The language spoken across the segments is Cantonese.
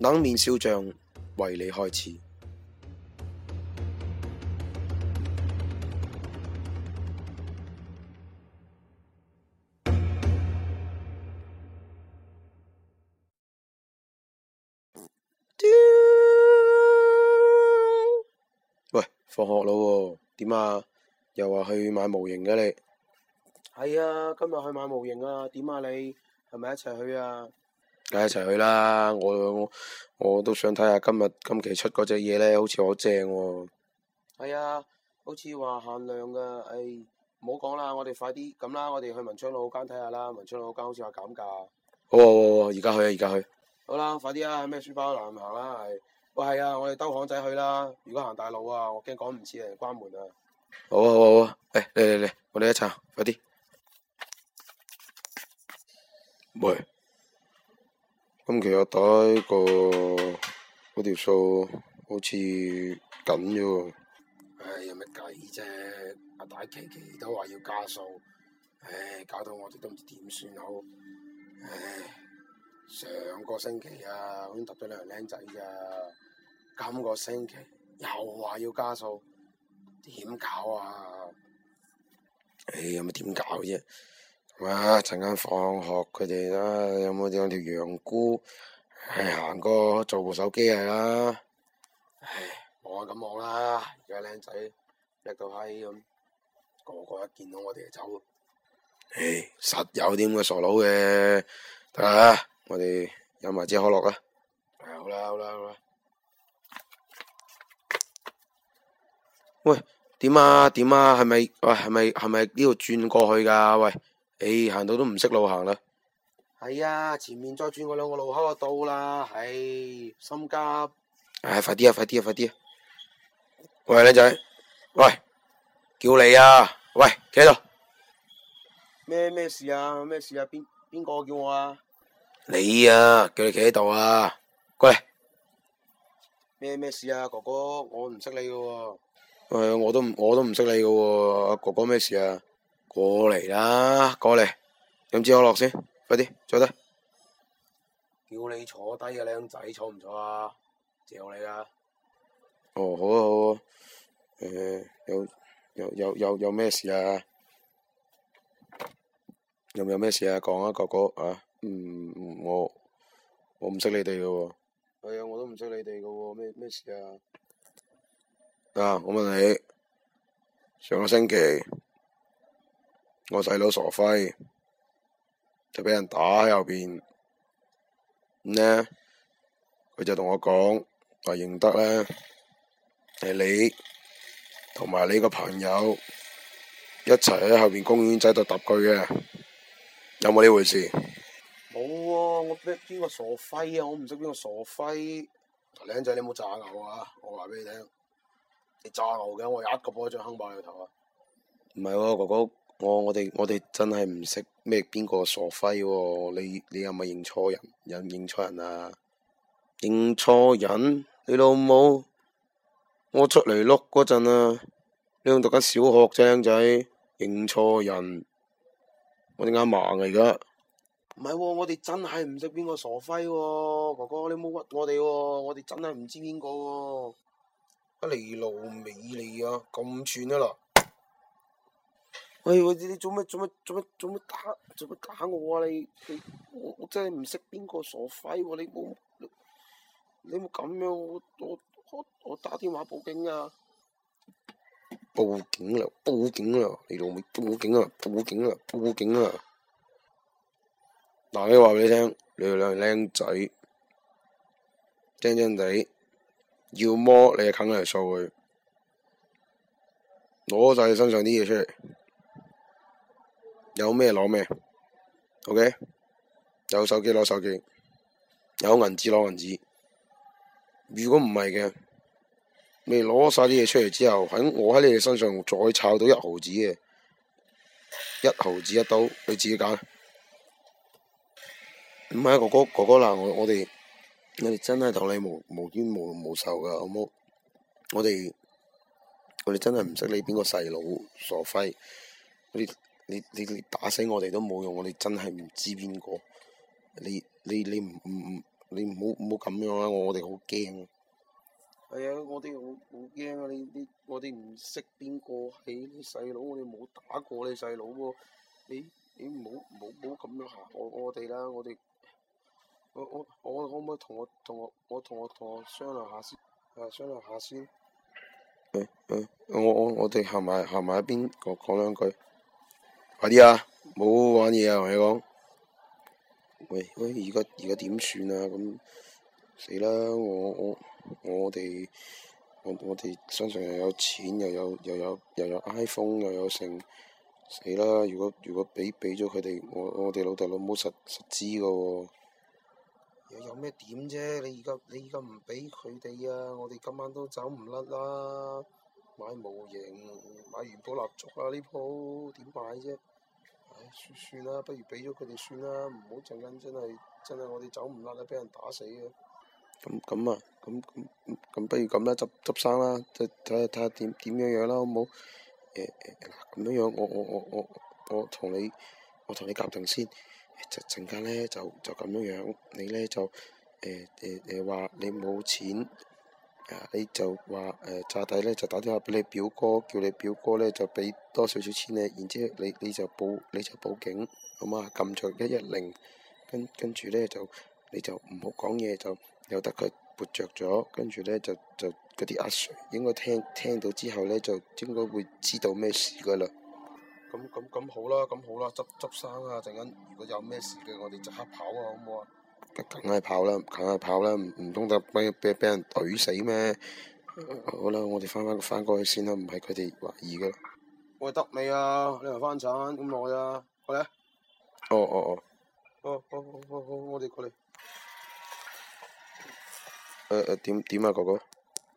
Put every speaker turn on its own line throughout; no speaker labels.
冷面笑匠為你開始。喂，放學咯？點啊？又話去買模型嘅你？係啊，今日去買模型啊？點啊？你係咪一齊去啊？梗係一齊去啦！我我，我都想睇下今日今期出嗰隻嘢咧，好似好正喎。係啊，好似話限量噶，唉、哎，唔好講啦，我哋快啲咁啦，我哋去文昌路嗰間睇下啦，文昌路嗰間好似話減價。好啊啊啊，好，好，而家去啊，而家去。好啦、啊啊，快啲啊！咩書包難、啊、行啦、啊，係，哇，係啊，我哋兜巷仔去啦，如果行大路啊，我驚趕唔切人關門啊，啊。好啊，好啊，誒、欸，嚟嚟嚟，我哋一齊，快啲。喂。今期我袋個嗰條數好似緊咗喎。誒、哎、有咩計啫？阿大琪琪都話要加數，唉、哎，搞到我哋都唔知點算好。唉、哎，上個星期啊，我已經揼咗兩靚仔㗎。今個星期又話要加數，點搞啊？唉、哎，有咪點搞啫、啊？喂，啊！陣間放學，佢哋啦，有冇兩條羊菇？唉，行過做部手機係啦。唉，我咁望啦，而家靚仔叻到閪咁，個個一見到我哋就走。唉，實有啲咁嘅傻佬嘅，得啦，我哋飲埋支可樂啦。係好啦，好啦，好啦。喂，點啊？點啊？係咪？喂，係咪？係咪呢度轉過去噶？喂！誒、行、哎、到都唔識路行啦。係啊，前面再轉過兩個路口就到啦。唉、啊，心急。唉、哎，快啲啊！快啲啊！快啲啊！喂，靚仔，喂，叫你啊！喂，企喺度。咩咩事啊？咩事啊？邊邊個叫我啊？你啊，叫你企喺度啊！過嚟。咩咩事啊？哥哥，我唔識你噶喎、啊。喂，我都唔，我都唔識你噶、啊、哥哥咩事啊？過嚟啦，過嚟，飲支可樂先，快啲坐低。叫你坐低嘅，靚仔，坐唔坐啊？借我你啊！哦，好啊，好啊。誒、呃，有有有有有咩事啊？有冇有咩事啊？講啊，哥哥啊。嗯，我我唔識你哋㗎喎。係啊、哎，我都唔識你哋㗎喎。咩咩事啊？啊，我問你，上個星期。我細佬傻輝，就俾人打喺後邊，咁佢就同我講，我認得咧係你同埋你個朋友一齊喺後邊公園仔度揼佢嘅，有冇呢回事？冇喎，我邊個傻輝啊？我唔識邊個傻輝，啊，靚仔你冇炸牛啊！我話俾你聽，你炸牛嘅，我有一個波掌冚爆你個頭啊！唔係喎，哥哥。Oh, 我我哋我哋真係唔識咩邊個傻輝喎、哦？你你又咪認錯人認認錯人啊？認錯人？你老母？我出嚟碌嗰陣啊，你仲讀緊小學啫，靚仔？認錯人？我哋眼盲嚟噶？唔係、哦，我哋真係唔識邊個傻輝喎、哦，哥哥你唔好屈我哋喎、哦，我哋真係唔知邊個喎。你老味美嚟啊，咁串啊嗱。喂！喂你做乜做乜做乜做乜打做乜打我啊！你你我,我真係唔識邊個傻閪喎、啊！你冇你冇咁樣、啊、我我我打電話報警啊！報警啦！報警啦！你老味報警啦！報警啦！報警啦！嗱，你話畀你聽，你哋兩靚仔，張張地，要摸你啊啃嚟掃佢，攞晒你身上啲嘢出嚟。有咩攞咩，OK？有手機攞手機，有銀紙攞銀紙。如果唔係嘅，未攞晒啲嘢出嚟之後，喺我喺你哋身上再炒到一毫子嘅，一毫子一刀，你自己揀。唔係、啊、哥哥哥哥嗱，我我哋你哋真係同你無無冤無無仇噶，好冇？我哋我哋真係唔識你邊個細佬傻輝，我哋。你你你打死我哋都冇用，我哋真係唔知邊個。你你你唔唔唔，你唔好唔好咁樣啦！我哋好驚。係啊，我哋好好驚啊！你啲我哋唔識邊個你啲細佬，我哋冇打過你細佬喎。你你唔好唔好咁樣嚇我我哋啦！我哋我我我可唔可以同我同我我同我同我商量下先？係啊，商量下先。嗯嗯、哎哎，我我我哋行埋行埋一邊，講講兩句。快啲啊！冇玩嘢啊！同你講，喂，唉，而家而家點算啊？咁死啦！我我我哋我我哋身上又有錢，又有又有又有有 iPhone，又有成，死啦！如果如果俾俾咗佢哋，我我哋老豆老母實實知噶喎，啊。又有咩點啫？你而家你而家唔畀佢哋啊！我哋今晚都走唔甩啦！買模型，買元寶蠟燭啊！買呢鋪點辦啫？算啦，不如俾咗佢哋算啦，唔好陣間真係真係我哋走唔甩啦，俾人打死嘅。咁咁啊，咁咁咁，不如咁啦，啊，執執生啦，即睇下睇下點點樣樣啦，好唔好？咁，欸欸，樣樣我我我我我同你我同你夾定先，陣間咧就就咁樣樣，你咧就誒誒誒話你冇錢。你就話誒、呃、炸底，咧，就打電話俾你表哥，叫你表哥咧就俾多少少錢你，然之後你你就報你就報警，好嗎？撳着一一零，跟跟住咧就你就唔好講嘢就由得佢撥着咗，跟住咧就就嗰啲阿 Sir 應該聽聽到之後咧就應該會知道咩事噶啦。咁咁咁好啦，咁好啦，執執生啊！陣間如果有咩事嘅，我哋即刻跑啊，好唔好啊？梗係跑啦，梗係跑啦，唔通得俾俾俾人懟死咩？好啦 word.，我哋翻翻翻過去先啦，唔係佢哋懷疑嘅。喂 Well,，得未啊？你又翻產咁耐啊？過、呃、嚟。哦哦哦。好 mad，好 mad，好，好，好，我哋過嚟。誒誒，點點啊，哥哥？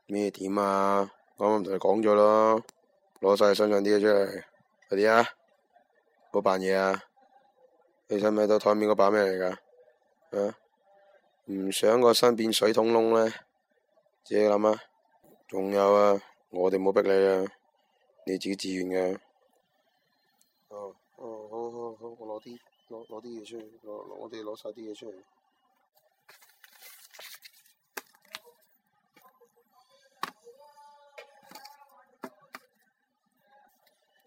咩點啊？我啱同你講咗啦，攞晒身上啲嘢出嚟。快啲啊！冇扮嘢啊！你睇唔睇到台面嗰把咩嚟噶？啊？唔想個身變水桶窿呢？自己諗啦。仲有啊，我哋冇逼你啊，你自己自願嘅。哦哦，好好好，我攞啲攞攞啲嘢出去，攞我哋攞晒啲嘢出去。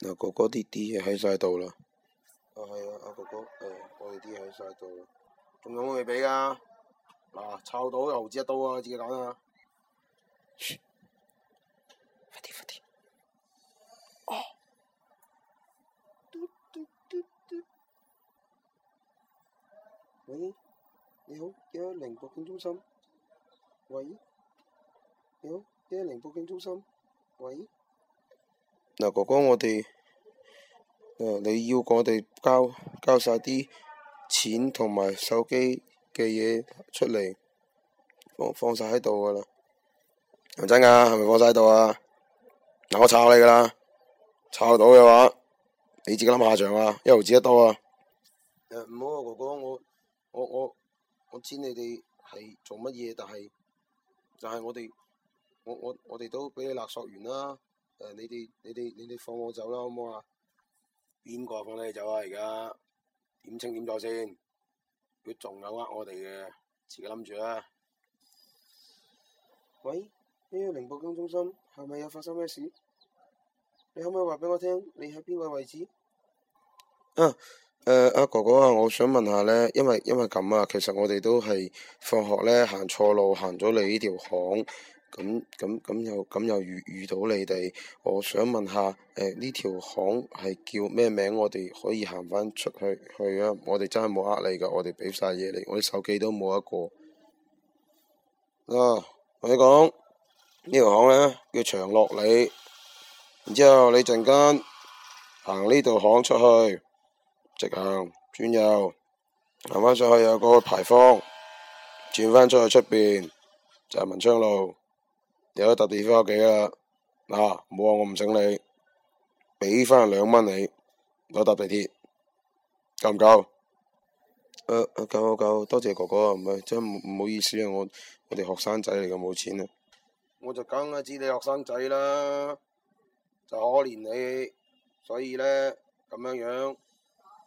嗱、啊啊，哥哥啲啲嘢喺晒度啦。哦、哎，係啊，阿哥哥，誒，我哋啲嘢喺晒度。仲有冇未俾啊？嗱，抄到又折一刀啊！自己打啊！快啲，快啲！喂，你好，一一零報警中心。喂，你好，一一零報警中心。喂，嗱，哥哥，我哋，誒，你要我哋交交曬啲錢同埋手機。嘅嘢出嚟，放放晒喺度噶啦，係咪真噶？係咪放晒喺度啊？嗱，我炒你噶啦，炒到嘅話，你自己諗下場啊，一路子得多啊！誒，唔好啊，哥哥，我我我我，我知你哋係做乜嘢，但係就係我哋我我我哋都俾你勒索完啦，誒、啊，你哋你哋你哋放我走啦，好唔好啊？邊個放你走啊？而家點清點數先？佢仲有呃我哋嘅，自己諗住啦。喂，呢個寧保金中心，係咪有發生咩事？你可唔可以話俾我聽？你喺邊個位置？啊，阿、呃、哥哥啊，我想問下呢，因為因為咁啊，其實我哋都係放學呢，行錯路，行咗你呢條巷。咁咁咁又咁又遇遇到你哋，我想問下，誒、呃、呢條巷係叫咩名？我哋可以行返出去。去啊，我哋真係冇呃你噶，我哋俾晒嘢你，我啲手機都冇一個。啊，我哋講呢條巷呢，叫長樂里，然之後你陣間行呢度巷出去，直行轉右行返出去有個牌坊，轉返出去出邊就係、是、文昌路。有一搭地鐵翻屋企啦，嗱、啊，唔好話我唔醒你兩，俾翻兩蚊你，攞搭地鐵，夠唔夠？誒誒，夠夠，多謝哥哥啊，唔係真唔唔好意思啊，我我哋學生仔嚟嘅，冇錢啊，我就梗係知你學生仔啦，就可憐你，所以咧咁樣樣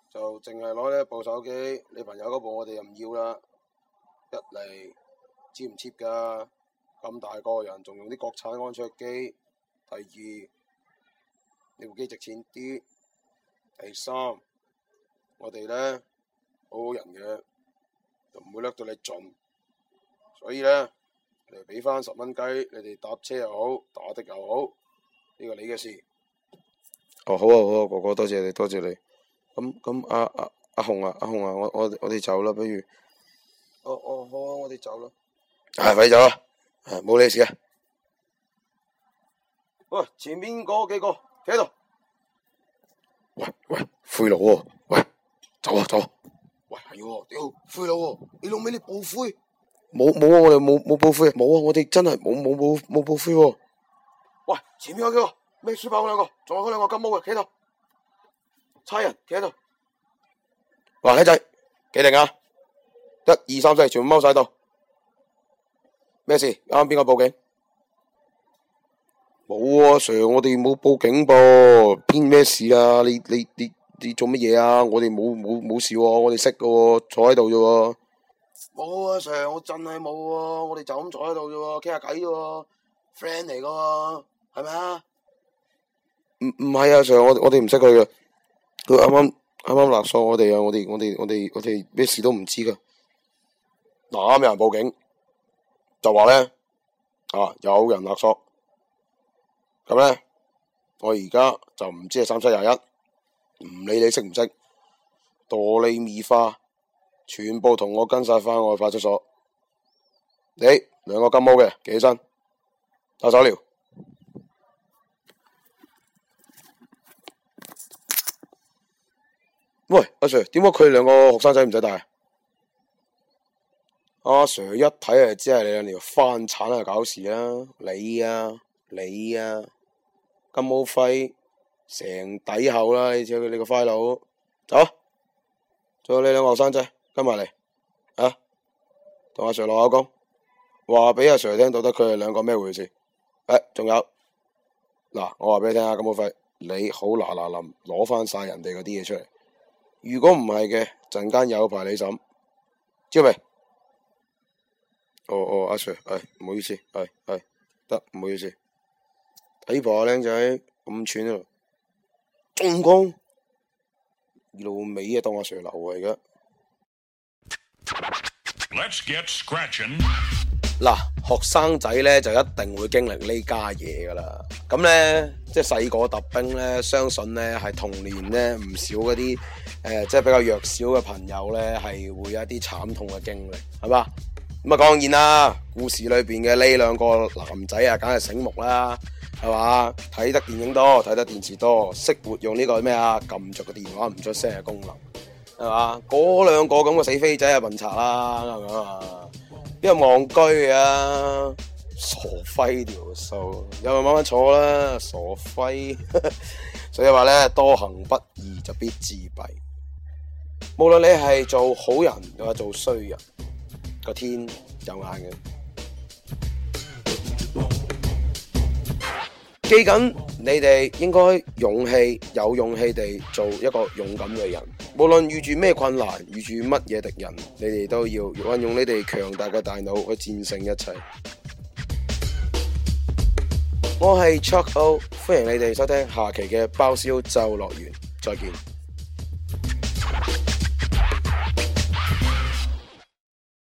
就淨係攞呢一部手機，你朋友嗰部我哋又唔要啦，一嚟貼唔貼噶。知咁大個人仲用啲國產安卓機，第二呢部機值錢啲，第三我哋咧好好人嘅，就唔會勒到你盡，所以咧你俾翻十蚊雞，你哋搭車又好打的又好，呢個你嘅事。哦，好啊，好啊，哥哥多謝你，多謝你。咁咁，阿阿阿紅啊，阿紅啊，我我我哋走啦，不如。哦哦，好啊，我哋走啦。哎呀，快走啊，咪走啦！誒，冇你事嘅。喂，前面嗰幾個企喺度。喂喂，灰佬喎，喂，走啊走啊。喂係，屌灰佬，你老味你報灰。冇冇啊，我哋冇冇報灰，冇啊，我哋真係冇冇報冇報灰喎。喂，前面嗰幾個咩書包嗰兩個，仲有嗰兩個金毛嘅企喺度。差人企喺度。喂，黑仔，企定啊？一二三四，全部踎晒喺度。咩事？啱啱邊個報警？冇啊，Sir，我哋冇報警噃，啊，邊咩事啊？你你你你做乜嘢啊？我哋冇冇冇事喎，啊，我哋識噶、啊、喎，坐喺度啫喎。冇啊，Sir，我真係冇啊，我哋就咁坐喺度啫喎，傾下偈啫喎，friend 嚟噶喎，係咪啊？唔唔係啊，啊，啊，Sir，我我哋唔識佢噶，佢啱啱啱啱勒索我哋啊！我哋我哋我哋我哋咩事都唔知噶，嗱啱有人報警？就話咧，啊有人勒索，咁咧我而家就唔知係三七廿一，唔理你識唔識，哆哩咪發，全部同我跟晒翻，我去派出所，你兩個金毛嘅企起身，走走料。喂阿、啊、Sir，點解佢哋兩個學生仔唔使帶？阿、啊、Sir 一睇就知係你兩條翻鏟啊搞事啦！你啊，你啊，金毛輝成底厚啦！你似你個快佬走，仲有你兩個後生仔跟埋嚟啊！同阿 Sir 落口供，話俾阿 Sir 聽到得佢哋兩個咩回事？誒、哎，仲有嗱，我話俾你聽啊，金毛輝，你好嗱嗱冧，攞翻晒人哋嗰啲嘢出嚟，如果唔係嘅陣間有排你審，知未？哦哦，阿、啊、Sir，係、哎，唔好意思，係、哎、係，得、哎，唔好意思。睇部阿僆仔咁串啊，中公，老尾啊，當阿 Sir 流圍噶。Let's get scratching。嗱，學生仔咧就一定會經歷呢家嘢噶啦。咁咧，即係細個特兵咧，相信咧係童年咧唔少嗰啲誒，即係比較弱小嘅朋友咧，係會有一啲慘痛嘅經歷，係嘛？咁啊，啊，當然啦，故事裏邊嘅呢兩個男仔啊，梗係醒目啦，係嘛？睇得電影多，睇得電視多，識活用呢個咩啊，撳着個電話唔出聲嘅功能，係嘛？嗰兩個咁嘅死飛仔啊，笨賊啦，啱啊嘛，邊個戇居啊，傻輝條數，有咪慢慢坐啦，傻輝， 所以話咧，多行不義就必自斃，無論你係做好人定係做衰人。個天有眼嘅，記緊你哋應該勇氣有勇氣地做一個勇敢嘅人，無論遇住咩困難，遇住乜嘢敵人，你哋都要運用你哋強大嘅大腦去戰勝一切。我係 Chuck O，歡迎你哋收聽下期嘅爆笑就樂園，再見。